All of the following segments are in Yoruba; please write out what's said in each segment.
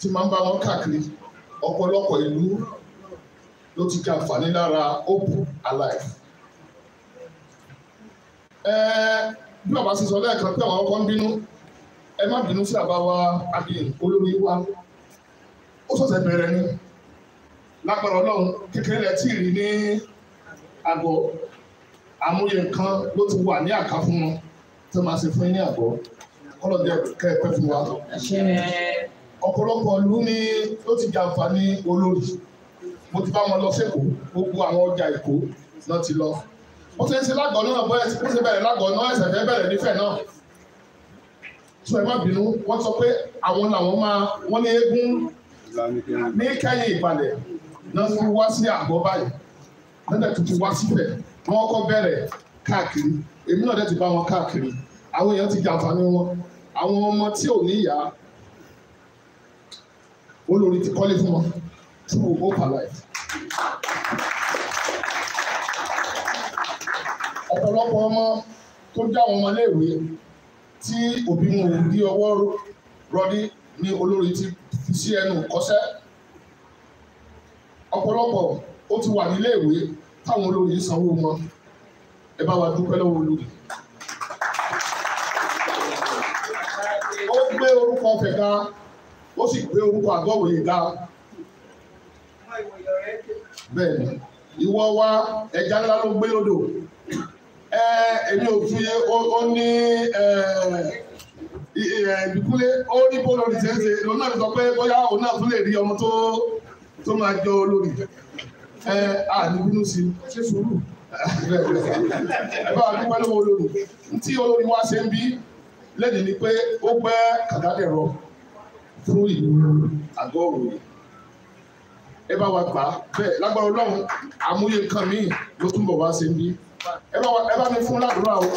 tí máa ń bá wọn káàkiri ọ̀pọ̀lọpọ̀ ìlú ló ti ka àǹfààní lára hope alive. ẹ bí bàbá ṣe lẹ́ẹ̀kan pé àwọn ọkọ ń bínú ẹ má bínú sí àbá wa àbí olórí wa ó ṣọ̀ṣẹ̀ bẹ̀rẹ̀ ni lágbára ọlọ́run kékeré rẹ̀ tí ì rí ní àgọ́ àmúyẹ nǹkan ló ti wà ní àká fún wọn tó máa ṣe fún yín ní àgọ́ kọ́lọ̀ jẹ́ kẹ́ ẹ pẹ́ fún wa ọ̀pọ̀lọpọ̀ ìlú ni ló ti jàǹfààní olórí mo ti bá wọn lọ sẹ́kọ̀ọ́ gbogbo àwọn ọjà èkó náà ti lọ ó ṣe é ṣe lágọ̀ọ́ náà bọ́ ẹ̀sìn ṣe bẹ̀rẹ̀ lágọ̀ọ́ náà ẹ̀sẹ̀ fẹ́ bẹ̀rẹ̀ nífẹ̀ẹ́ náà sọ ẹ má bínú wọ́n sọ pé àwọn làwọn máa wọ́n ní eégún ní kẹ́yìn ìbàdàn náà ti wá sí àgọ́ báyìí lọ́dẹ̀ tó ti wá síbẹ̀ wọ́n kọ́ bẹ̀rẹ̀ káàkiri èmi náà dẹ̀ ti bá wọn káàkiri àwọn èèyàn ti jàǹfààní olórí ti kọ́lé fún wọn so hope alive. ọ̀pọ̀lọpọ̀ ọmọ tó já àwọn ọmọléèwé tí òbí wọn ò dí ọwọ́ rọdí ní olórí ti fi sí ẹnu kọsẹ́ ọ̀pọ̀lọpọ̀ ó ti wà níléèwé táwọn olórí sanwó wọn ẹ bá wa dúpẹ́ lọ́wọ́ olórí. ó gbé orúkọ fẹ̀ka ó sì pé orúkọ àgọ́wòye ga bẹ́ẹ̀ ni ìwọ wa ẹja ńlá ló gbé lódò ẹ èmi ò fi ó ní ìdúkúlé ó ní bó lórí lòun náà sọ pé bóyá òun náà tún lè rí ọmọ tó tó máa jọ olórí ẹ àdúgbò sí ṣé sùúrù ẹ bá dúpẹ́ olórí wa ṣe ń fún ìlú àgọ́ òwòye ẹ bá wa gbà á bẹ́ẹ̀ lágbára ọlọ́run àmúyẹ nǹkan míì ló túnbọ̀ wá sí ní ẹ bá mi fún ládùúrà o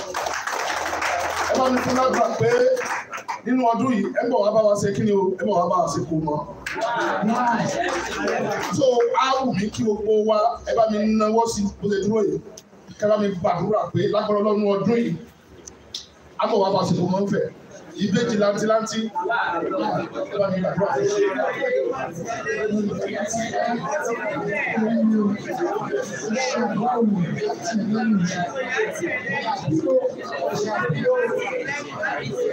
ẹ bá mi fún ládùúrà pé nínú ọdún yìí ẹ bọ̀ wá bá wa ṣe kí ni o ẹ bọ̀ wá bá wa ṣe kó mọ́. so a wù mí kí gbogbo wa ẹ bá mi náwó sí bó ṣe dúró yìí kẹ bá mi gbàdúrà pé lágbára ọlọ́run ọdún yìí a bọ̀ wá bá ṣe kó mọ́ ń ìbejì lantilanti Thank you.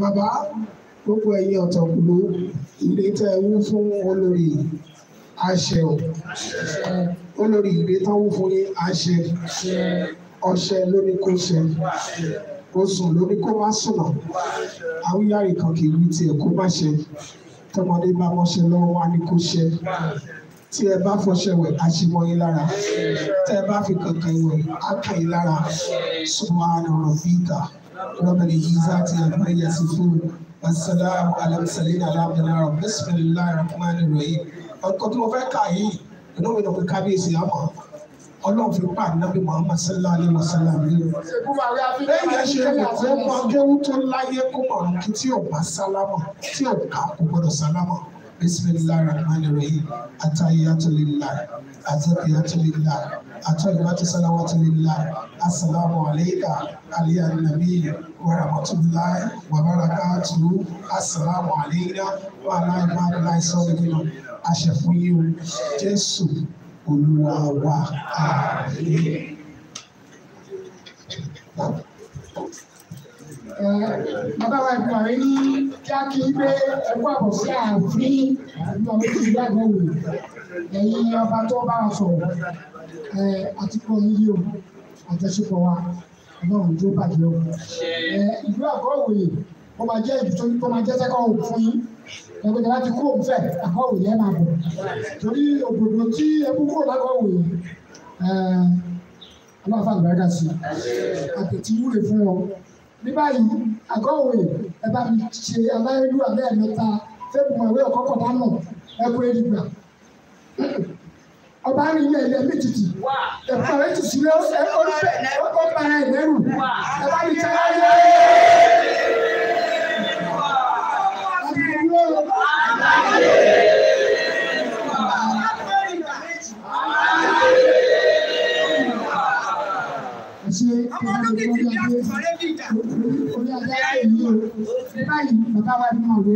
bàbá gbogbo ẹ̀yin ọ̀tọ̀kùlú ilé tẹ́ wú fún olórí àṣẹ o olórí ilé tán wú fún yín àṣẹ ọṣẹ lóní kó ṣe kó sùn lóní kó má sùnà àwíyárì kan kì í wí tiẹ̀ kó má ṣe tọmọdé bá mọṣẹ lọ́wọ́ wá ní kó ṣe tí ẹ bá fọṣẹ wẹ̀ á yín lára tẹ́ ẹ bá fi kankan wẹ̀ á kàn yín lára subhana rabbika. رب العزة عما يصفون والسلام على المرسلين على عبد الله بسم الله الرحمن الرحيم ọkọ tí mo fẹ́ kà yìí inú mi ló fi kábíyèsí àmọ́ ọlọ́run fi pa ànábì muhammad sallallahu alayhi wa sallam lé o. lẹ́yìn ẹ̀ṣẹ̀ rẹ̀ kó mọ akéwú tó láyé kó mọ̀ kí tí ò bá sálámà tí ò ká kó gbọ́dọ̀ sálámà bisimilahi rahman rahim atayatulillah azakiyatulillah atayibati salawatulillah asalaamu aleyka aliya nabi wa rahmatulahi wa barakatuhu asalaamu aleyna wa alayibadulahi sọlẹmina aṣẹfúnyiwu jésù olúwa wa ààrẹ. Thank you bàbá wa ìgbà rẹ ní kíákí pé ẹkú àbọ̀ sí ààfin àdúgbò mi ti dàgbà wò ẹ̀yin ọba tó bá wa sọ̀rọ̀ àtìkọ́ yìí o àjọṣepọ̀ wa náà ń jó bàjẹ́ o ìlú àgọ́wòye ó máa jẹ́ ìlú tó máa jẹ́ sẹ́kọ̀ọ́ fún yín ẹgbẹ́ láti kó òun fẹ́ àgọ́wò yẹn máa bọ̀ torí òdòdó tí ẹkú kúrò lágọ́wò yẹn ọlọ́run fàgbà sí àtẹ̀tí wúre fún ọ ní báyìí àgọ́wé ẹ bá mi ṣe aláìlú àlẹ́ fẹ́ẹ̀mù ìwé ọ̀kọ́kọ̀ dánù ẹ̀kọ́ ẹ̀dìgbà ọba ní ilé ilé méjìdì ẹ̀fọ́ rẹ̀ ti sílẹ̀ ọ̀fẹ́ ọ̀kọ́ para ẹ̀ lẹ́rù ẹ̀ bá mi tẹ́lá yẹ. Ọmọ ọdún orí ajá láyé yìí o ní báyìí bàbá wa ni wọn wé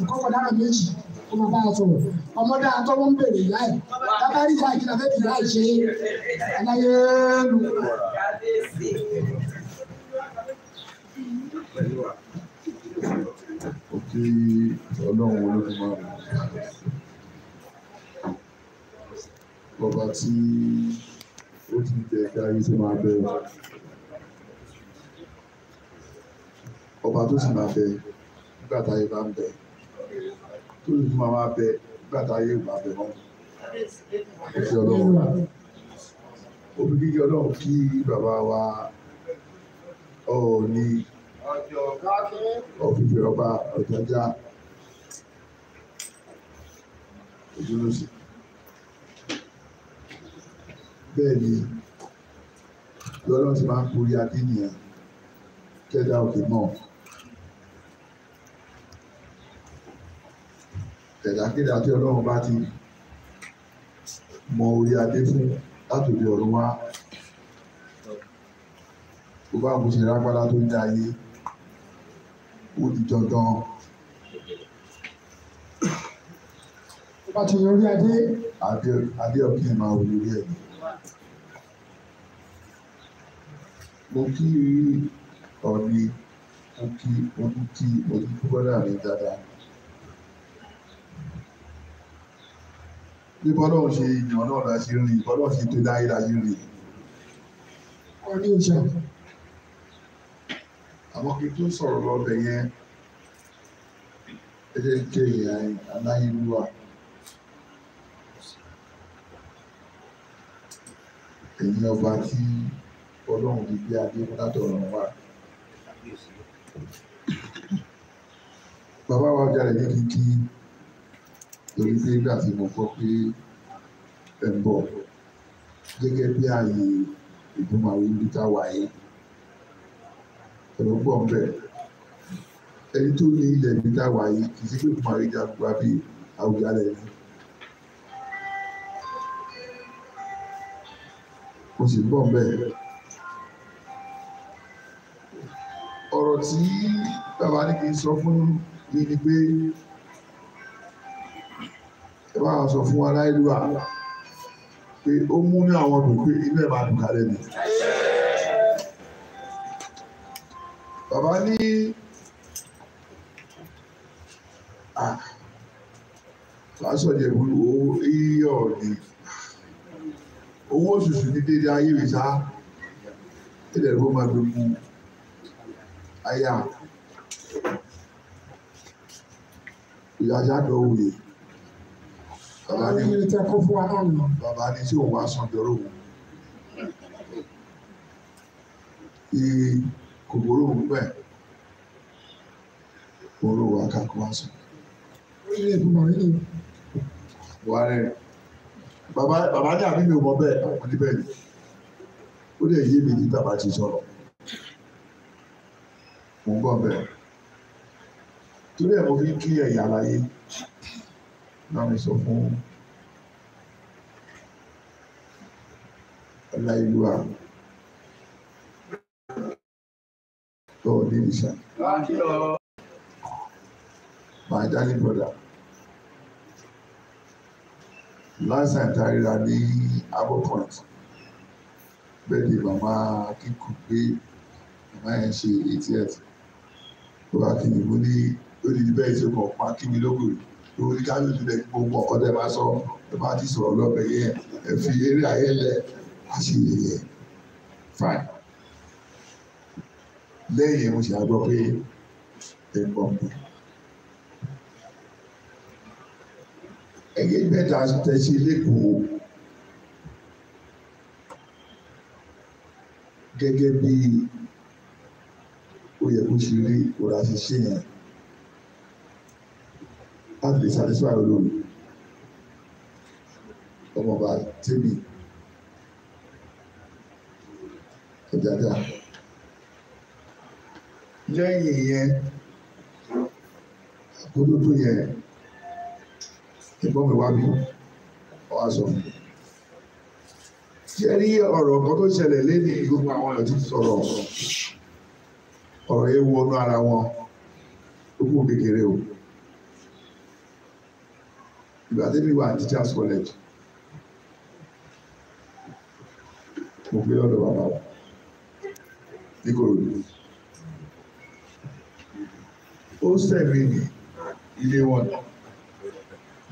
ẹ̀kọ́ kọ̀dá rẹ̀ méjì kó máa bá a sọ̀rọ̀ ọmọ dáa tọ́wọ́ ń bèrè ìyá ẹ̀ bàbá rí ìyá ìjìnlẹ̀ bẹ́ẹ̀ ìyá ìṣe aláyé lu. ọba tí ó ti jẹ ká yìí tó máa bẹ̀rẹ̀. ọba tó sì máa bẹ nígbà táyé bá ń bẹ tó sì tún máa bẹ nígbà táyé bá bẹ mọ́ òfin ọlọ́run òfin kíkí ọlọ́run kí bàbá wa Ọọ̀ni ọ̀fìfì ọba Ọ̀jájá òjúlósì bẹ́ẹ̀ ni lọ́lọ́sì máa ń kórí adé nìyẹn kẹ́dà òkè náà. ẹ̀dákẹ́dá tí ọlọ́run bá ti mọ orí adé fún látòdì ọ̀run wá ó bá mo ṣe rágbára tó ń dá ayé ó di dandan ó bá ti yan orí adé adé ọ̀kí ẹ̀ máa wò lórí ẹ̀ mo kí ọ̀ni mo kí mo kí mo kí bọ́dà mi dáadáa. bí bọ́lá ò ṣe yàn náà la ṣe rìn bọ́lá ò ṣe tó dáyé la ṣe rìn. wọ́n ní òṣà àwọn kí n tó sọ̀rọ̀ lọ́bẹ̀ yẹn ẹ̀jẹ̀ jẹ́ ìyá aláyélúwà. èyí ọba tí ọlọ́run ti gbé adé látọ̀rọ̀ wá. bàbá wa jalè ní kíkí torí pé nígbà tí mo gbọ́ pé ẹ ń bọ̀ gẹ́gẹ́ bí ààyè ìdúnmọ̀wé ibi tá a wà yìí ẹ̀rọ pọ̀ ń bẹ̀ ẹni tó ní ilẹ̀ ibi tá a wà yìí kì í sí pé ìdúnmọ̀wé jagunba bí Awùjalẹ̀ ni. mo sì ń bọ̀ ń bẹ̀ ọ̀rọ̀ tí bàbá ní kì í sọ fún mi ni pé ẹ bá wa sọ fún wa láyé lúwa pé ó mú ní àwọn ọdún pé inú ẹ̀ máa dùn kálẹ̀ ni. bàbá ní fásọ̀jẹ̀ owó iyọ̀ ni owó òṣùṣù ní dédé ayé rẹ̀ sá ilẹ̀ ló máa gbé mú aya ìyájá dọ̀wọ̀ yìí bàbá ní ilé tẹ kó fún wa náà nù. bàbá ní tí òun wá san jọrọ o iye kòkòrò òun bẹ́ẹ̀ òru wa kakọ wa sọ. ilé ìgbìmọ̀ ilé. buhari bàbá bàbá ní àbí mi ò mọ bẹ́ẹ̀ àwọn níbẹ̀ ni ó lè yé mi ní bàbá ti sọ̀rọ̀ mo ń bọ̀ bẹ́ẹ̀ torí ẹ̀ mo fi kí ẹ̀yà láyé láwọn sọ fún ọláìlúwà tó ní ìṣà máa jáde bọ̀dà lásán ìtaríra ní abo point bẹ́ẹ̀ ni màmá kíkù pé màmá yẹn ṣe eighty eight tó wà ní ó di bẹ́ẹ̀ tí ó kàn pa kí mi lókùnrin lórí kábíyèsí rẹ̀ gbogbo ọkọ tẹ́ bá sọ ẹ bá ti sọ̀rọ̀ lọ́bẹ̀ yẹn ẹ fi eré ayé lẹ̀ àṣìlè yẹn fine. lẹ́yìn mo ṣe àgbọ̀ pé ẹ gbọ́ pé ẹgbẹ́ mẹ́ta tẹ̀sí lẹ́kọ̀ọ́ gẹ́gẹ́ bí ó yẹ kó ṣe rí ìkóra ṣiṣẹ́ yẹn láti lè satisfy olórí ọmọọba tèmi ọjàdá lẹ́yìn yẹn àkótótó yẹn ìbọn mi wá bí ọwá sọ fún mi jẹ́ kan tó ṣẹlẹ̀ lẹ́nu gbogbo àwọn ọ̀rọ̀ tí sọ̀rọ̀ yẹn wọnú ara wọn ó kú kékeré o ìgbà tí mi wà ní teachers college mo gbé lọ́dọ̀ bàbá wa ní kòròdú ó sẹ̀mí ní ilé wọn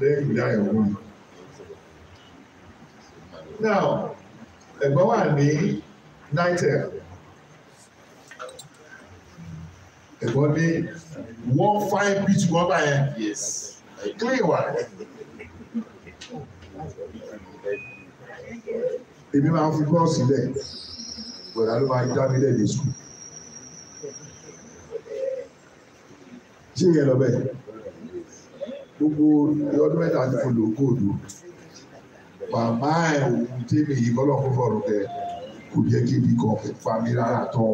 lẹ́yìn ìdá ìwọ̀n now ẹ̀gbọ́n wà ní nitel ẹ̀gbọ́n ní wọ́n fáin bíi tí wọ́n bá yẹn clean wa. èmi máa ń fi kọ́ sílẹ̀ bọ̀dá ló máa dá mi lẹ́ẹ̀dẹ̀ sùn. ṣé ìyẹn lọ bẹ́ẹ̀ gbogbo ọdún mẹ́ta ti fún lòókòdù bàbá ẹ̀ òun tèmi yìí kọ́ lọ́kùn fọ̀rọ̀ kẹ kò jẹ́ kí ibi kan fa mi rárá tọ̀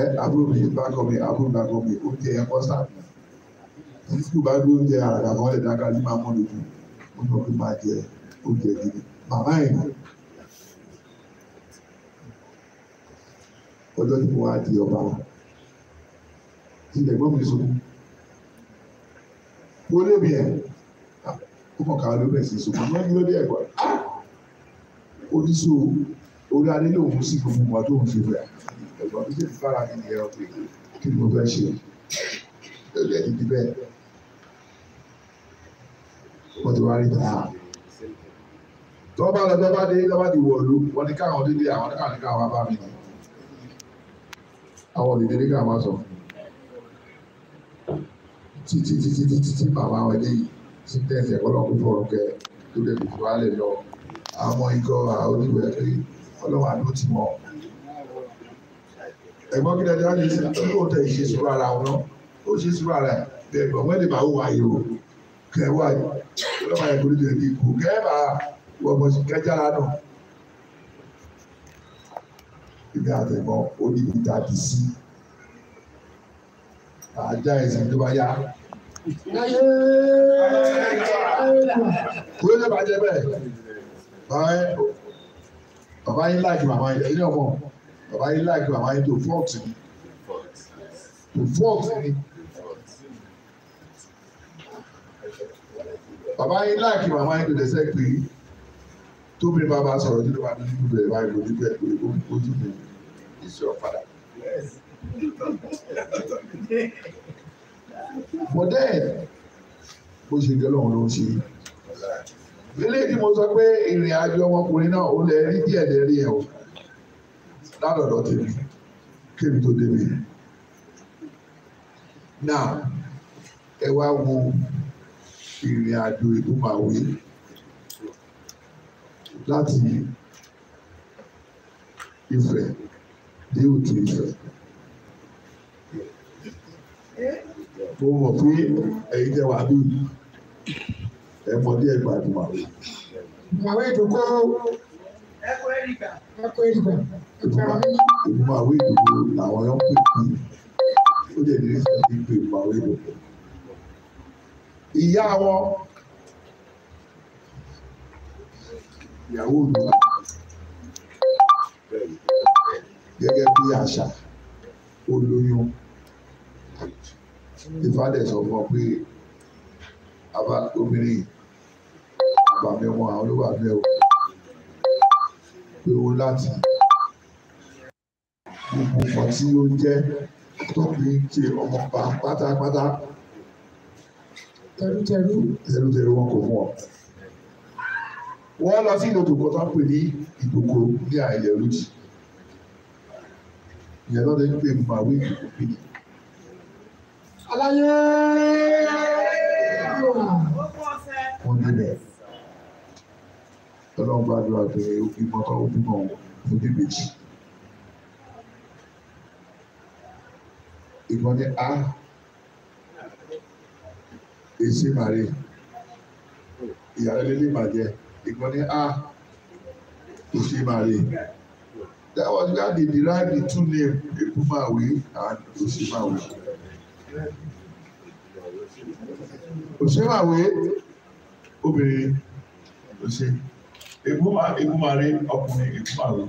ẹ abúlé mi bá kọ́ mi abúlé bá kọ́ mi ó jẹ́ ẹ̀kọ́ sáà tí sùkúù bá gbé oúnjẹ àràdà mọ́ lẹ̀ dáká sí máa mọ́ lójú ó sọ pé máa jẹ oúnjẹ gidi màmá ẹ̀ ọjọ́ tí mo wá di ọba ilẹ̀ gbọ́n mi sọ́kù ó lébi ẹ̀ ó mọ̀ ká ló bẹ̀ sí sọ́kù àmọ́ ní lóde ẹ̀kọ́ oníṣòwò orí adé lòun sì gbogbo wọn tó ń fi rẹ̀ ẹ̀gbọ́n mi sì fara mi ní ẹ̀rọ pé kí ni mo fẹ́ ṣe lórí ẹ̀ níbi bẹ́ẹ̀ wọ́n ti wá rí dáa tọ́ bá lọ lọ́ba dé lọ́ba di wọ̀lú wọ́n ní káwọn dídí àwọn ní káwọn káwọn bá mi àwọn òdìdí ní káwọn sọ títí títí títí tí bàbá wọn dé yìí sí tẹ̀sí ẹ̀kọ́ lọ́kùn fún ọ̀rọ̀ kẹ tó lè fi wá lè lọ àwọn ikọ̀ àwọn oníwèé pé ọlọ́wà ló ti mọ̀ ẹ̀gbọ́n kí dáadáa ní ìṣòro tẹ̀ ìṣesúrò ara wọn ó ṣe sùúrù ara ẹ̀ bẹ́ẹ̀ gbọ̀n wẹ́n bá wà yìí o kẹ́ wà kama yẹ kuru jẹbi iku kẹba wọgbọ kẹjara nù ibi àtẹgbọn ó ní ti sí àjà ẹsìn tó bá yá. kúrò lè bàjẹ́ bẹ́ẹ̀ bàbá yín láàkì bàbá yín ẹ̀yin ọmọ bàbá yín láàkì bàbá yín tó fọ́ọ̀tì tó fọ́ọ̀tì bàbá yín láàkì màmá yín tó dẹ́sẹ̀ pé tóbi bàbá sọ̀rọ̀ nínú wa ní ìlú bẹ̀rẹ̀ báyìí lójú bẹ́ẹ̀ pé ó ojú mi èsì ọ̀padà. bọ́dẹ̀ bó ṣe jẹ́ lọ́wọ́ ló ń ṣe. eléyìí tí mo sọ pé ìrìn àjò ọmọkùnrin náà ó lè rí díẹ̀ lè ẹ̀ o ládọ̀dọ̀ tèmi kébi tó débi. náà ẹ wá wo ìrìn àjò ìlú màwé láti Ifẹ̀ dé òtù Ifẹ̀. Mo mọ̀ pé ẹ̀yin jẹ́ wà bí ẹ̀mọ́ díẹ̀ gbàdùn màwé. Màwé ìdókòó. Ẹ̀kọ́ ẹ̀ríkà. Ẹ̀kọ́ ẹ̀ríkà. Ìlú màwé ìdókòó làwọn yọ̀ ń pè é. Ó dẹ̀ ní ìfẹ́ ní màwé ìdókòó ìyá wọn ìyàwó mi gẹ́gẹ́ bí àṣà olóyún ìfádẹ́ sọ fún ọ pé àbá obìnrin àbàmì wọn àwọn ló wà bẹ́ẹ̀ o pé o láti gbogbo nǹkan tí ó jẹ́ tọ́pì ń ṣe ọmọ pátápátá tẹrútẹrú tẹrútẹrú wọn kò fún ọ wọ́n lọ sí ìdòkò tó ń pè ní ìdòkò ní àìlẹ̀ olùjì ìyẹn lọ́dẹ ń pè màwé ìdòkò pè ní. aláyé wọn níbẹ̀ ọlọ́run bá dúró àgbẹ̀ òbí mọ́tò òbí mọ́ òbí méjì ìgbọ́n ní a. Ah, èsì màrí ìyàrá lélẹ̀ ìbàjẹ́ ìgbọ́n ní a ah, èsì màrí that was where they derived the two names, Epumawi and ah, Osimawi. Osimawi obìnrin Osi Epumari ọkùnrin Epumawi.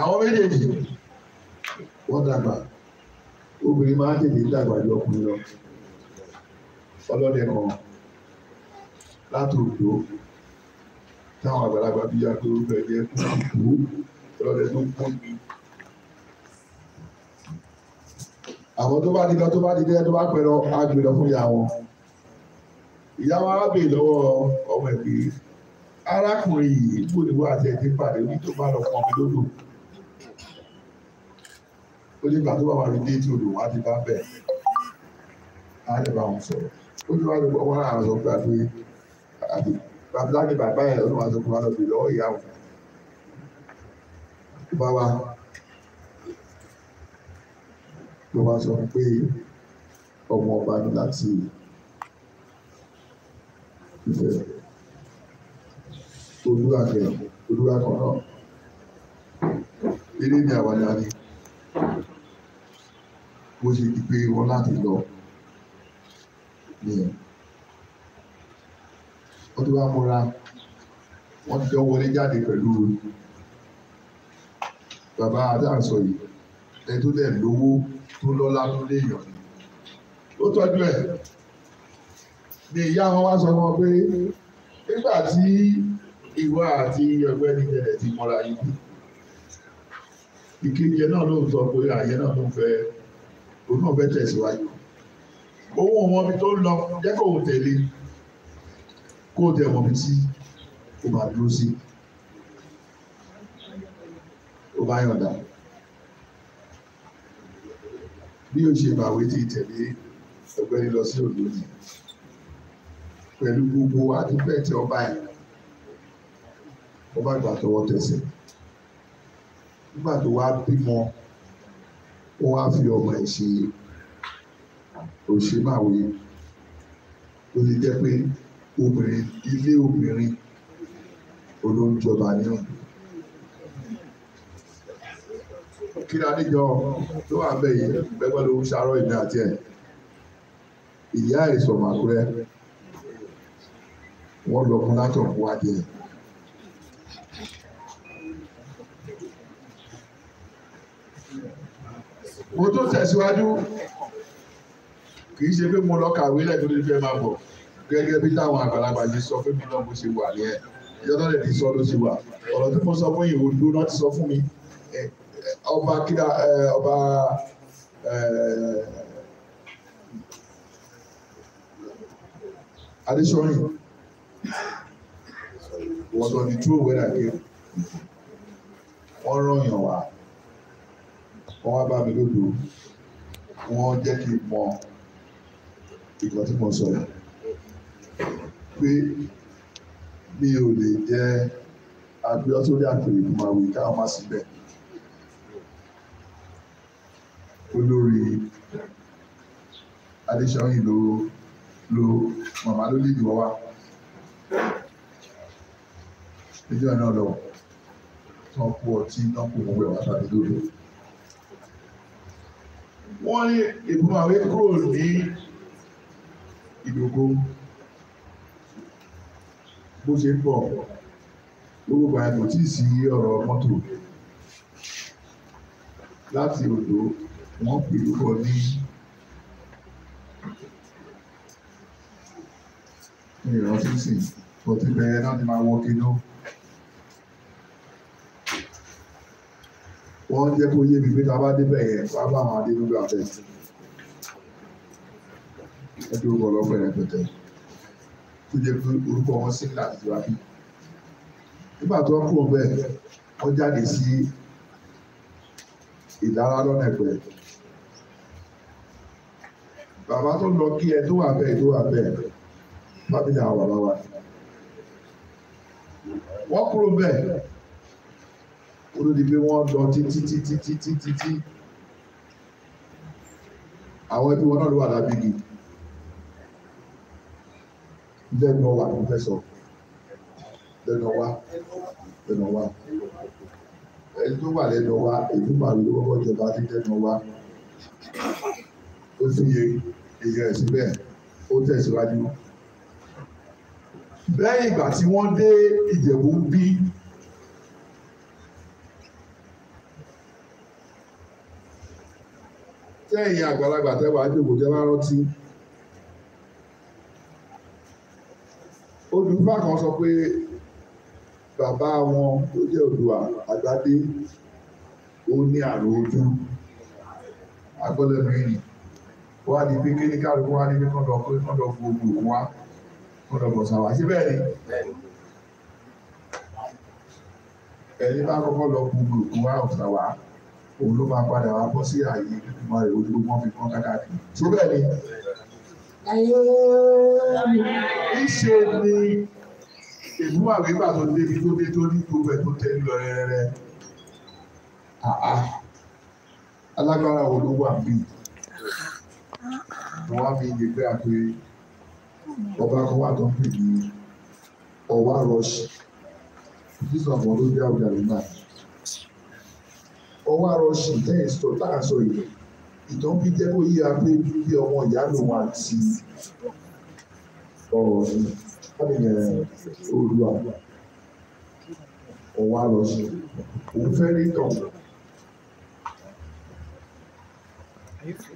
Àwọn méjèèjì wọ́n dàgbà obìnrin máa ń tètè dàgbà ju ọkùnrin lọ ọlọ́dẹ kan láti òjò táwọn àgbàlagbà bíi agbórúkọ ẹ̀jẹ̀ kú ọlọ́dẹ tó kú ni. àwọn tó bá dídọ́ tó bá dídẹ́ tó bá pẹ̀lọ agbèrọ fún ìyá wọn ìyá wa á bèè lọ́wọ́ ọmọ ẹ̀gbẹ́ arákùnrin yìí kò ní wọ́n àti ẹ̀jẹ̀ pàdé ní tó bá lọ pọ̀ mi lódò ó ní ìgbà tó bá wà rí déètì olùwádìí bá bẹ̀ á lè bá wọn sọ̀rọ̀ ó ní wàá lè wọ́n wá àwọn ọ̀gbà pé bàbá ní bàbá ẹ̀ lọ́nà àti ọkùnrin àlọ́bì lọ́wọ́ ìyá wọn. bá ló wá sọ pé ọmọ ọba ní láti ìfẹ́ olúwàkẹ́ olúwàkọ̀ náà eré ni àwàdà ni bó ṣe di pé wọ́n láti lọ nìyẹn wọ́n ti wá múra wọ́n ti jọ wọlé jáde pẹ̀lú bàbá adáǹsọ yìí ẹni tó dẹ̀ lówó tó lọ́lá tó léèyàn ó tọ́jú ẹ̀ ni ìyá wọn wá sọ wọn pé nígbà tí ìwà àti ọ̀gbẹ́ni jẹrẹ ti mọra yìí ìkejì ẹ náà ló ń sọ pé àyẹ náà ló ń fẹ́ òun náà fẹ́ tẹ̀síwájú owó wọn bí tó ń lọ jẹ́ kó o tẹ̀lé kó o tẹ̀ wọ́n bí tí o bá dúró sí o bá yọ̀ǹda bí o ṣe bàwé ti tẹ̀lé ọ̀gbẹ́ni lọ sí òdo yìí pẹ̀lú gbogbo àdúgbẹ̀tẹ̀ ọba yìí ọba ìgbà tọwọ́ tẹsẹ̀ nígbà tó wá bímọ wọ́n á fi ọmọ ẹ̀ ṣe òṣèmáwé ó lè jẹ́ pé obìnrin ilé obìnrin olóńjọba nínú. kíra níjọ tó wà bẹ́ẹ̀ yìí pẹ́pẹ́ ló ń ṣàárọ̀ ìní àti ẹ̀ ìyá ẹ̀ sọ̀rọ̀ àkúrẹ́ wọ́n lọ fún látọ̀ fún wájú ẹ̀. mo tó tẹ̀síwájú kì í ṣe pé mo lọ kàwé lẹ́ẹ̀kọ́ ní fẹ́ máa bọ̀ gẹ́gẹ́ bí táwọn àgbàlagbà yìí sọ fún mi náà mo ṣe wà ní ẹ̀ ìjọba lè sọ ló ṣe wà ọ̀rọ̀ tí mo sọ fún yìí òdo náà ti sọ fún mi ọba kíra ọba Adéṣọyìn was on the true weather game wọ́n rán yàn wá wọ́n wá bá mi lódò wọ́n jẹ́ kí n mọ ìkan tí mo sọ yìí pé mi ò lè jẹ́ agbẹ́ọ́ tó rí àpèrè kó máa wí káwọn má síbẹ̀ olórí adéṣẹ́yìn ló lo màmá ló lè dìwọ́ wá ẹjọ́ náà lọ tán kú ọtí náà kò mú wẹ̀ wá lódò wọ́n ní ìgbìmọ̀ àwẹ́ kúrò ní ìdògó bó ṣe ń bọ̀ gbogbo bàbá tí sí ọ̀rọ̀ mọ́tò láti odò wọ́n pè lóko ní ìrántí sìn kò ti bẹ̀rẹ̀ náà ni máa wọ kí náà. wọ́n jẹ́ kó yé bíi pé tá a bá débẹ̀ yẹn wá bá àwọn adé nígbà tẹ̀. ẹ dúró bọ̀ lọ́pọ̀ ẹ̀rẹ́ pẹ̀tẹ́ tó jẹ́ pé orúkọ wọn sí ìlànà ìjọba bí. nígbà tó kú ọbẹ̀ wọ́n jáde sí ìdára lọ́nà ẹ̀pẹ́. bàbá tó lọ kí ẹ tó wà bẹ́ẹ̀ tó wà bẹ́ẹ̀ bábí ni àwọn bàbá wa. wọ́n kúrò bẹ́ẹ̀ olódi pé wọ́n lọ títí títí títí títí àwọn ẹbí wọn náà ló wà lábígi lẹ́nu ọwà ní fẹ́ sọ lẹ́nu ọwà lẹ́nu ọwà ẹni tó wà lẹ́nu ọwà èyí tó wà lórí ọwọ́ ìjọba ní lẹ́nu ọwà ó sì yẹ èèyàn ẹ̀sìn bẹ́ẹ̀ ó tẹ̀síwájú lẹ́yìn ìgbà tí wọ́n dé Ìjẹ̀bú bí tẹ́yìn àgbàlagbà tẹ́ wàá jòkó tẹ́ wàá rántí. Odùfà kan sọ pé bàbá wọn tó jẹ́ Odùà Àgbàdé ó ní àrùn ojú agbọ́lẹ́nu ìyìn wọ́n á di pé kí ní kálukú wá ní pé kọ́ńdọ̀ pé kọ́ńdọ̀ fún ogun òkun wá kọ́ńdọ̀ bọ̀ sáwà sí bẹ́ẹ̀ ni ẹni bá kọ́kọ́ lọ fún ogun òkun wá ọ̀sáwà òun ló máa padà wá bọ́ sí ààyè ìgbìmọ̀ rẹ̀ ojú gbogbo wọn fi kán kákàkiri tó bẹ́ẹ̀ ni. ìṣe ni ìmú àwígbà tó débi tó dé tó ní gbogbo ẹ̀ tó tẹ̀lé lọ rẹ́rẹ́rẹ́ alágbára wo ló wà bí mo wá fi yè pé àpè ọba kan wà tó ń pè ní ọwá rọṣì ìdísọ̀kan ló jẹ́ àwùjọ àlùmáà ọwọ́ àrò ṣì tẹ́ ẹ̀ sọ tá à ń sọ yìí ìtàn fi jẹ́ kó yí apé bí ọmọ ìyá ló wà sí ọ̀rọ̀ ní kábìnrin olúwa ọwọ́ àrò ṣì òun fẹ́ rí tàn.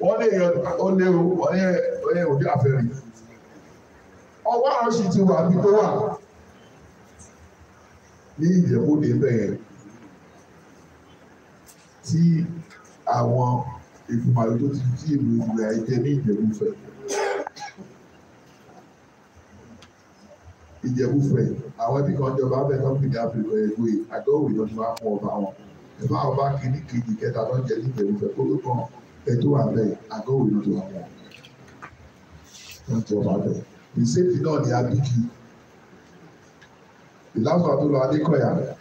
wọ́n lè yan ó lé o wọ́n yẹ òjò àfẹ́rẹ́ ọwọ́ àrò ṣì ti wà bí tó wà ní ìjẹ́kú bẹ́ẹ̀ tí àwọn ìgbìmọ̀ tó ti jí ìlú ìgbìmọ̀ ẹ̀jẹ̀ ní ìjẹ̀búfẹ̀. ìjẹ̀búfẹ̀ àwọn ibi kan jọba abẹ́ tó ń pè ní Áfíríkà ẹ̀gbẹ́ àgọ́ òwe ló ti wá fún ọba wọn ìfá ọba kìíní kejì kẹta tó ń jẹ ní ìjẹ̀búfẹ̀ kó ló kan ẹ̀tọ́ wà bẹ́ẹ̀ àgọ́ òwe ló ti wá fún wọn tó ń jọba bẹ́ẹ̀. ìṣèlú náà ni abíkí ìlàsọ̀ àtúlọ̀ adékọ̀yà rẹ̀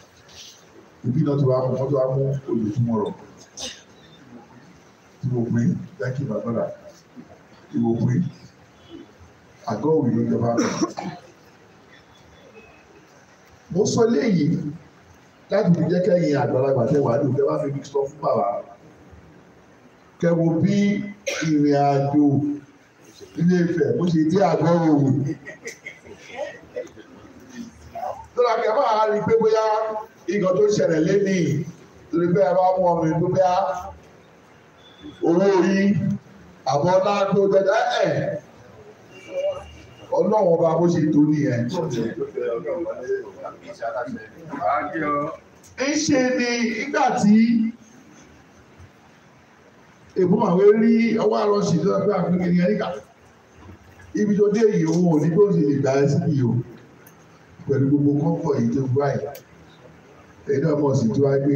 ibi náà tó wá mú wọ́n tó wá mú olùtúmọ̀rọ̀ tí mo pín thank you my brother tí mo pín àgọ́ òwe ló jọba lọ. mo sọ léyìí láti fi jẹ́ kẹ́yìn àgbàlagbà tẹ́wàá lò kẹ́ wá fi sọ fún bàbá kẹ́wo bí ìrìn àjò ilé Ifẹ̀ bó ṣe dé àgọ́ òwe. lọ́la kẹ́ máa rí i pé bóyá ìgbà tó ṣẹlẹ̀ lẹ́nìí torí pé ẹ bá mú ọmọ ìlú bá owó orí àbọ̀ láńdó dẹ́dẹ́ ẹ̀ ọlọ́run ọba bó ṣe tó nìyẹn. ń ṣe ni ìgbà tí èbúmàwé rí ọwọ́ àrọ́ṣì tó dábẹ́ àfihàn ní ẹ̀ríkà ibi tó dé yìí òun ò ní bí ó sì lè gbà ẹ́ sí yìí o pẹ̀lú gbogbo kọ́kọ́ yìí tó gbá yìí èyí náà mọ̀ sí tí wá gbé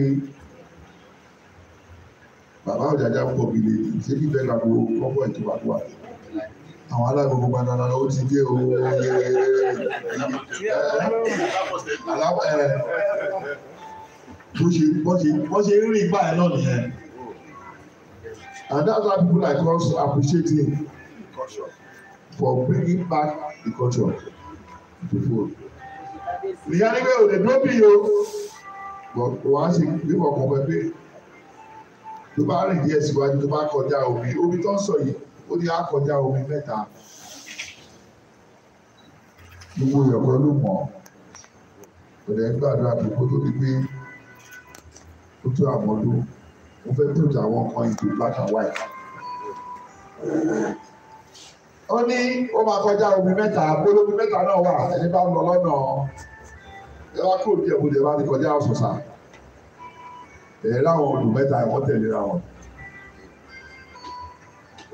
bàbá òjàjà pọ̀ gidi sí kí bẹ́ẹ̀ làbò kọ́kọ́ ìtura tó wà. àwọn alágbogbo padà lọ ti gé owó bó ṣe rí ìgbà ẹ̀ náà nìyẹn and that's why people like us appreciate him for bringing back the culture to fold. ìyá nígbà òde dóbi yìí o wọ́n á sì nípa ọkàn pẹ́ pé tó bá rìn díẹ̀ síwájú tó bá kọjá omi omi tó ń sọ yìí ó ní á kọjá omi mẹ́ta gbogbo ìyọ̀kọ́ ló mọ̀ ọ̀rẹ́ gbàdúrà pé kó tó di pé ó tó àmọ́dún mo fẹ́ put àwọn kan into black and white. ó ní ó máa kọjá omi mẹ́ta bólómi mẹ́ta náà wà ẹni bá ń lọ lọ́nà ẹ wá kúrò díẹ̀ bóde ẹ bá ti kọjá ọ̀sọ̀sà ẹ̀ láwọn ọdún mẹ́ta ẹ̀ wọ́n tẹ̀lé ra wọn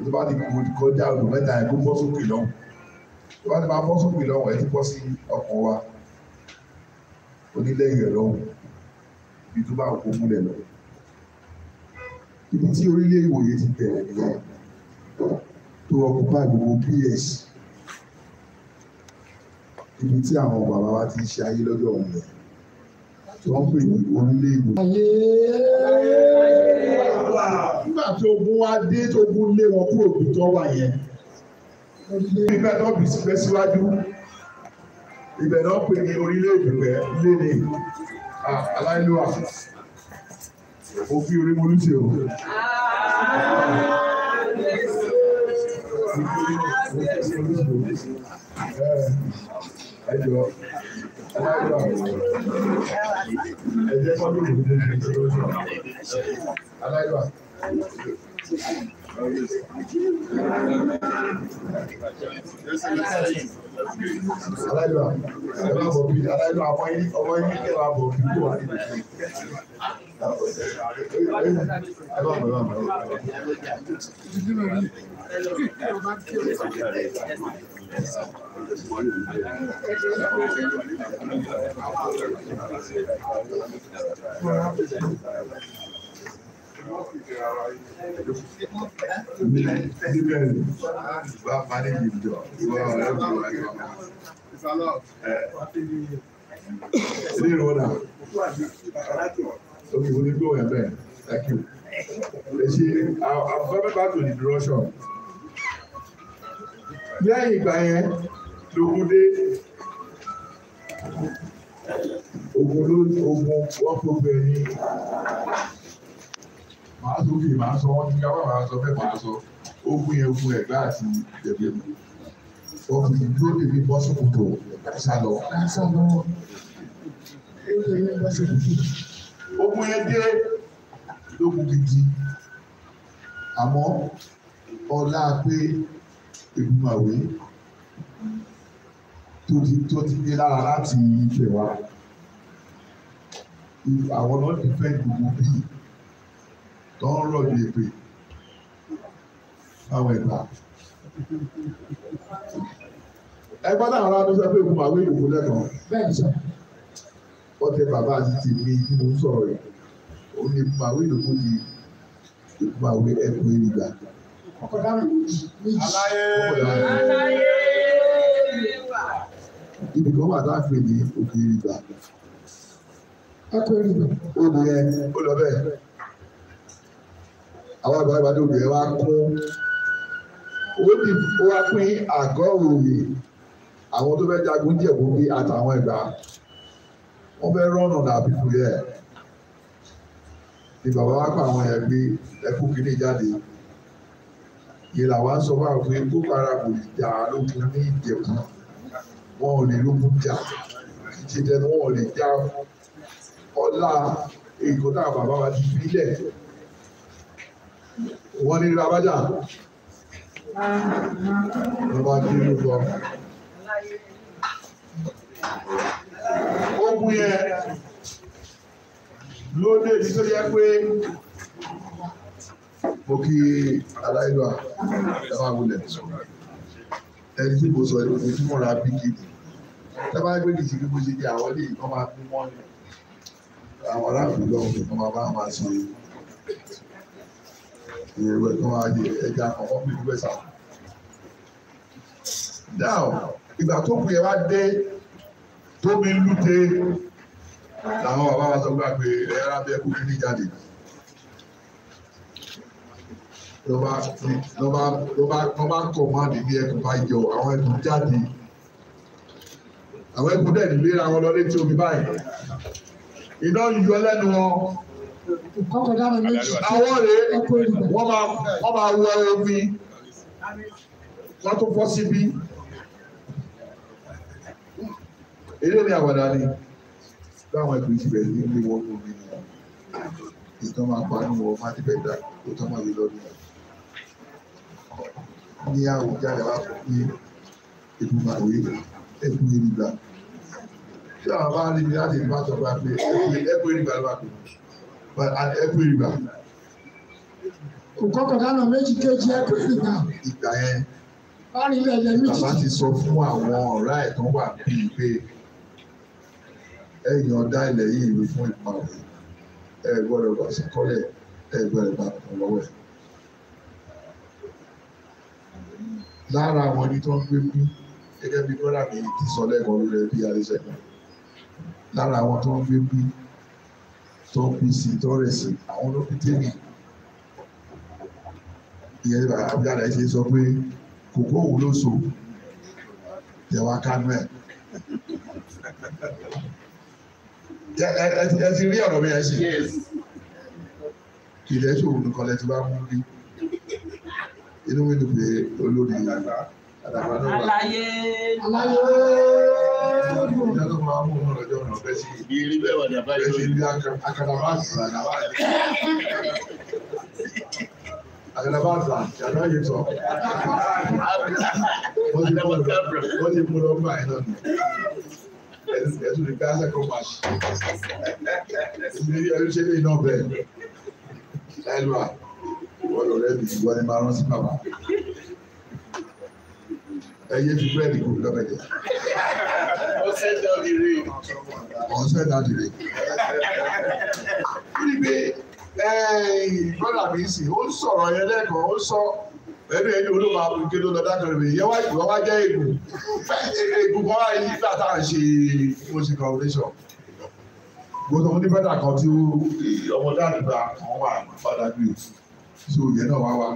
tó bá ti kọjá ọdún mẹ́ta ẹ̀ kó bọ́ sókè lọ́wọ́ tó bá ti máa bọ́ sókè lọ́wọ́ ẹ̀ ti bọ́ sí ọkàn wa onílẹ̀yìn rẹ̀ lọ́wọ́ ibi tó bá kó múlẹ̀ lọ ibi tí orílẹ̀ ìwòye ti bẹ̀rẹ̀ nìyẹn tó ọkùnrin gbogbo PS ibi tí àwọn bàbá wa ti ṣe ayé lọ́jọ́ òun rẹ̀ tí wọ́n pè ní orílẹ̀-èdè. nígbà tí ogun wá dé tó ogun lé wọn kúrò bí tó wà yẹn ibẹ̀ náà bì sí pẹ́ ibẹ̀ náà pè ní orílẹ̀-èdè pẹ́ léde aláìlúwà òfin orí mo lùsì o. Thank you ẹjọ́ aláìgbà aláìlú aláìlú àbọ̀bí aláìlú àmọ́ yín ọmọ yín kẹ́lá àbọ̀bí kò wá níbi tí ẹ bá mọ̀ ẹ bá mọ̀ Thank you ilé lẹ́yìn ìgbà yẹn lógún dé ogun ló ogun wọ́n fún bẹ́ẹ̀ ní màá sókè màá sọ wọn ní káwá màá sọ bẹ́ẹ̀ màá sọ ogun yẹn ogun ẹ̀gbá àti ìdẹ̀gbẹ́ mi ọkùnrin dúró débi bọ́sùkùtò sálọ. ogun yẹn dé lógun gidi àmọ́ ọlá pé ègbùmàwé tó ti tó ti dé lára láti ìfẹ́ wa àwọn ọlọ́dún fẹ́ gbogbo bíi. Don't ń rọ̀ bí èpè àwọn ẹ̀gbà. ẹgbẹ́ náà rárá ló sọ pé òun àwọn èèyàn lẹ́kọ̀ọ́ bẹ́ẹ̀ sọ. wọ́n tẹ bàbá àti tèmi tí mo ń sọ̀rọ̀ yìí òun ni ìpò àwọn èèyàn kò di ìpò àwọn ẹ̀kọ́ ìrìgbà. ọkọ̀ dáná méjì. aláyé ibi kan wà láàfin ní òkè ìrìgbà. ẹ̀kọ́ ìrìgbà. ó ní ẹ ó lọ bẹ́ẹ̀ àwọn àgbàlagbà ní obìnrin wa kún ó ní ó wá pín àgọ́ òòyì àwọn tó fẹ́ jagun jẹ̀bú bí àtàwọn ẹ̀gbá wọ́n fẹ́ rọ́nà dàbí fún yẹ ni bàbá wa pa àwọn yẹn gbé ẹkú kìíní jáde yìí làwa sọ fún àwọn pé boko haram ò jà lókun ní ìjẹ̀bú wọn ò lè lókun jà títí wọn ò lè já ọlá èkó táwọn bàbá wa ti fi lẹ̀ wọ́n ní abájá ọba tí ó lọ. Ogun yẹn ló dé ibi tó yẹ pé mo kí aláìlúwà ẹ máa wulẹ̀ ẹni tí mo sọ ìlú tí mo ra bí kìíní tábà gbé kìíní kí mo ṣe jẹ àwọn ilé ìkọ́ máa fún mọ́ni àwọn aráàlú lọ́wọ́ tó máa bá máa ṣe ìwé tó máa ẹja kọ̀ọ̀kan bí ìwé sàn. now ìgbà tó kù yẹn wá dé tómi lúte làwọn bàbá wa sọ gbà pé ẹ ara bẹ kú ní jáde ló bá ló bá ló bá kọ̀ máa nìyí ẹkùn bá yọ àwọn ẹkùn jáde àwọn ẹkùn dẹ̀ nílé ra wọn lọ létí omi báyìí iná yọ lẹ́nu wọn kọ́kọ̀dá lọ méjì. àwọn rèé wọ́n máa wọ́n máa wọ omi wọ́n tó bọ́ síbí. eré ni àwàdà ni báwọn ẹgbẹ́ ti bẹ̀rẹ̀ nílé wọn ní omi ni ìtàn máa pa nínú wọn má ti bẹ̀rẹ̀ dá tó tán máa yé lọ́dún yẹn. ní àwùjáde wa kò ní ìgbìmọ̀ àwòye ẹkùn èrìgbà. tí àwọn bá rí mi láti ìbátan bá pé ẹkùn èrìgbà ló wà pé but at every river. Òkọ́ kọ̀dá náà méjì kejì ẹ̀kọ́ ìgbà. Ìgbà yẹn. Báyìí ilẹ̀ ilẹ̀ méjì. Bàbá ti sọ fún àwọn ọ̀rá ẹ̀ tó wà bíi pé ẹ̀yìn ọ̀dá ilẹ̀ yìí ìwé fún ìpa òwe. Ẹ gbọ́dọ̀ bá ṣàkọ́lẹ̀ ẹ gbọ́dọ̀ bá kàn lọ́wọ́ ẹ̀. Lára àwọn ẹni tó ń gbé mú gẹ́gẹ́ bí bọ́dà mi ti sọ lẹ́kọ̀ọ́ lórí ẹbí Adéṣẹ́gun. Lára àwọn tó ń gbé mú tó pc tó rẹsì àwọn olókítẹ́ẹ̀nì ìyẹn àbújá rẹ̀ ṣe sọ pé kòkó òun ló so tẹ̀wá kánú ẹ̀ ẹ ti rí ọ̀rọ̀ mi ẹ ṣe kì í lẹ́sọ̀ òun nìkan lẹ́tí bá mú rí inú mi dùn pé olórí àgbà àdàbà náà wà. àlàyé Àgàdàbàdà yàrá yìí sọ. Wọ́n ti mú lọ wọ́n ti mú lọ bá ẹ̀ náà nù. Ẹ̀sùn ní Gaza kò máa ṣe. Ìbílẹ̀ ẹ̀rú ṣe lè náà bẹ̀rẹ̀. Ẹ̀lúwa, wọ́n lọ rẹ̀ bìí wọ́n ni máa rán sí bàbá ẹyẹ fi búrẹ́dì kò lọ́bẹ̀ jẹ. ó ṣe é dán ní ọ̀sẹ̀ dáàdì rẹ̀. Níbi brọ́dà mi sì, ó ń sọ̀rọ̀ yẹn lẹ́kọ̀ọ́, ó ń sọ ẹni ẹni olú máa lọ dákẹ́ rẹ̀ yẹ wá ìgbà wá jẹ́ ègbò ègbò kan wá yìí nígbà tá à ṣe music foundation. Gbogbo ọmọdé brọ́dà kan tí ọmọ dáàdì gba kan wà fada bí òtún, so yẹn náà wá wá.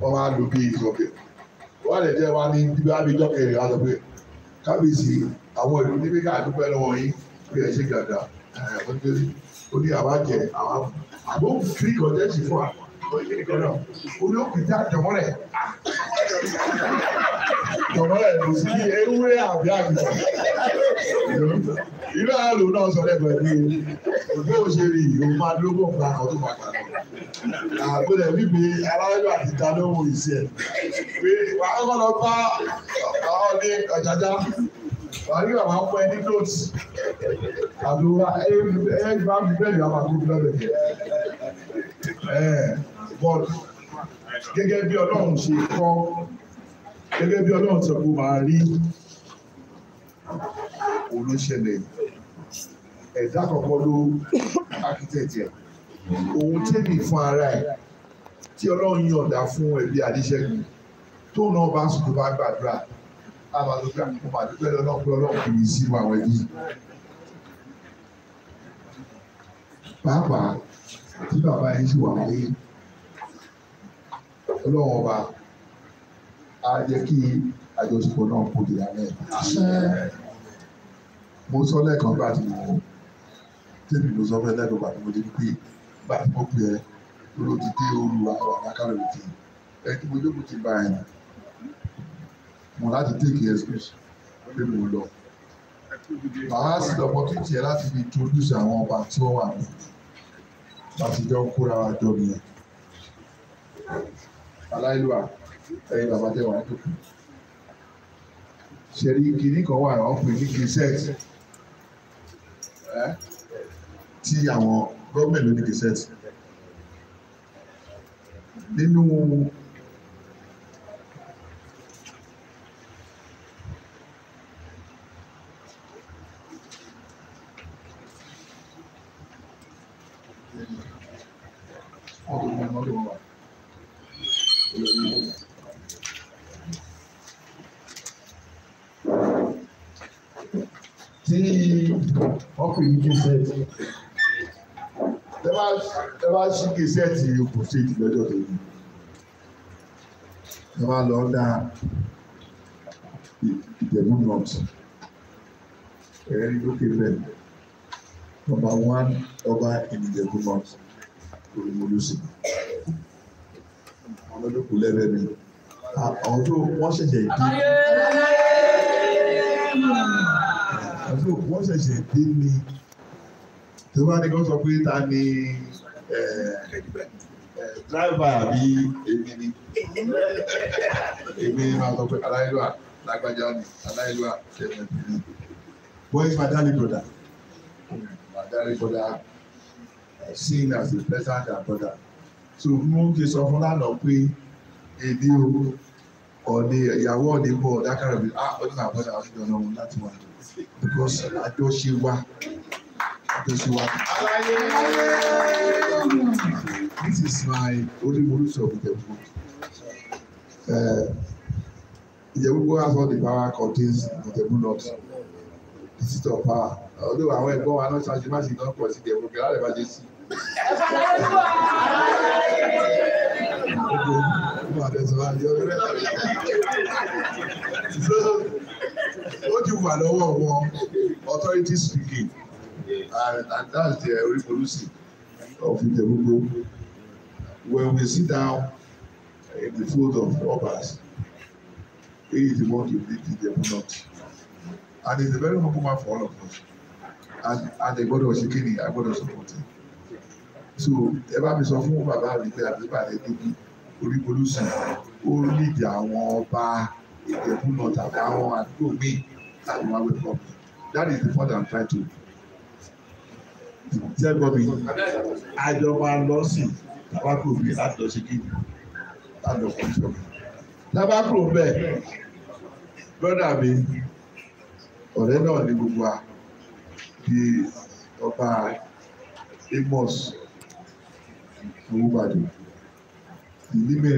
Wọ́n wá lo bí ìgbọ̀gbẹ̀. Wọ́n lè jẹ́ wá ní bíbá mi jọ́kẹ̀rẹ̀ wá pé kábíyèsí àwọn ìlú níbi ká àdúpẹ́ lọ́wọ́ yín bí ẹ ṣe gàdà ó ní àbájẹ àwọn àbó kiri kọjá sí fún wa ó ní òkúta jọmọlẹ jọmọlẹ kò sí ní ewúrẹ́ àbí àgùntàn ilé àlò náà sọ lẹ́gbẹ̀ẹ́ ní bó o ṣe rí o máa lóko nǹkan kan tó máa kàkọ́ àgbẹ̀rẹ̀ wípé aláyọ̀ àti ìdánilówó ìṣe ẹ̀ pé àwọn ọlọ́pàá àwọn ní ọ̀jájá wàhálì àwọn afọ ẹni notes àdúrà ẹni bá mi bẹ́ẹ̀ ni àwọn àgbo bẹ́ẹ̀ bẹ́ẹ̀ bọ́ọ̀lù gẹ́gẹ́ bí ọlọ́run ṣe kọ́ gẹ́gẹ́ bí ọlọ́run ṣe kó máa rí olóṣèlè ẹ̀dá kọ̀ọ̀kan ló architect ẹ̀ òun tẹ́lẹ̀ fún ara ẹ̀ tí ọlọ́run yọ̀ǹda fún ẹbí àdíṣẹ́gun tó náà bá sùkúrú bá gbàdúrà àbàlùkù àkókò àdúgbò lọ́pọ̀ ọlọ́pọ̀ kì í sí àwọn ẹbí. pàápàá tí bàbá yẹn sì wà pé ọlọ́run ọba a jẹ́ kí àjọṣepọ̀ náà kò dé alẹ́. mo sọ lẹ́ẹ̀kan bá ti wọ̀ tèmi ló sọ fẹ́ lẹ́ẹ̀kan bá ti wọ́n dé pé bá ti wọ́n pẹ́ ló ti dé olùwà àwọn akáwé ti ẹ̀ tí mo ti bá ẹ̀ mo láti take excuse pé mo lọ màá sì lọ opportunity ẹ láti fi introduce àwọn ọba tí wọ́n wà ní láti jọ kóra wa jọ nìyẹn aláìlúwa ẹ̀yin bàbá tẹ wà nípò ṣẹlí kìíní kan wà wọ́n pè ní gẹ̀ẹ́sẹ̀tì tí àwọn gọ́ọ̀mẹ̀ntì ní gẹ̀ẹ́sẹ̀tì nínú. pè ní gẹ̀ẹ́sẹ̀tì ẹ bá ṣí gẹ̀ẹ́sẹ̀tì kò sí ìtìlẹ́jọ́ tó yẹ ẹ bá lọ dá ìjẹ̀bú nọ́ọ̀tì ẹ̀rí lókè bẹ́ẹ̀ nọmba wán ọba ìjẹ̀bú nọ́ọ̀tì olùmọ̀lùsìn àwọn olókùn lẹ́rẹ̀ẹ́ mi àwọn wọ́n ṣẹ̀ṣẹ̀ dé so wọ́n ṣẹ̀ṣẹ̀ dé ni tó bá ní kó sọ pé ta ni dráìvà àbí èmi ni èmi ni máa sọ pé aláìlúwà lágbájá ni aláìlúwà kẹfẹ bìrì wọ́n yí madali broda madali broda seen as a pleasant and brother so mo ń ké sọ fún lánàá pé èmi o ọ̀dẹ ìyàwó ọ̀dẹ bọ̀ ọ̀dà kárọ̀ bí ah ọdún àbọ̀dà ọdún ọ̀nà òun láti wà ní because àjọṣe wa àjọṣe wa. This is my only bonus of Ijebu. Ijebu go has the power contains Ijebu not the seat of power. Although àwọn ẹ̀gbọ́n wa náà ṣáájú má sì náà pọ̀ sí Ijebu kí alẹ́ bá jẹ́ sí. Gbogbo ó ti wà lọ́wọ́ wọn authority speaking and, and that's the revolution of Itemugo when we sit down in the fold of others he is the one to lead the development and he is a very humble man for all of us and and the gbọ́dọ̀ ṣe kini i gbọ́dọ̀ support him so ẹ bá mi sọ fún bàbá mi pé àbí bàbá débi oríkolùsì ó lè dì àwọn ọba ìjẹ̀bú náà tàbí àwọn àdúgbò míì everyone will come. That is the point I'm trying to. tell Bobby. I don't want to lọ sí tabako bí láti lọ sí kíni láti lọ kọ́ sí ọ̀gá. Tabako bẹ́ẹ̀ brọ́dà mi ọ̀rẹ́ náà ní gbogbo wa bí ọba Amos Olúbàdàn ìdí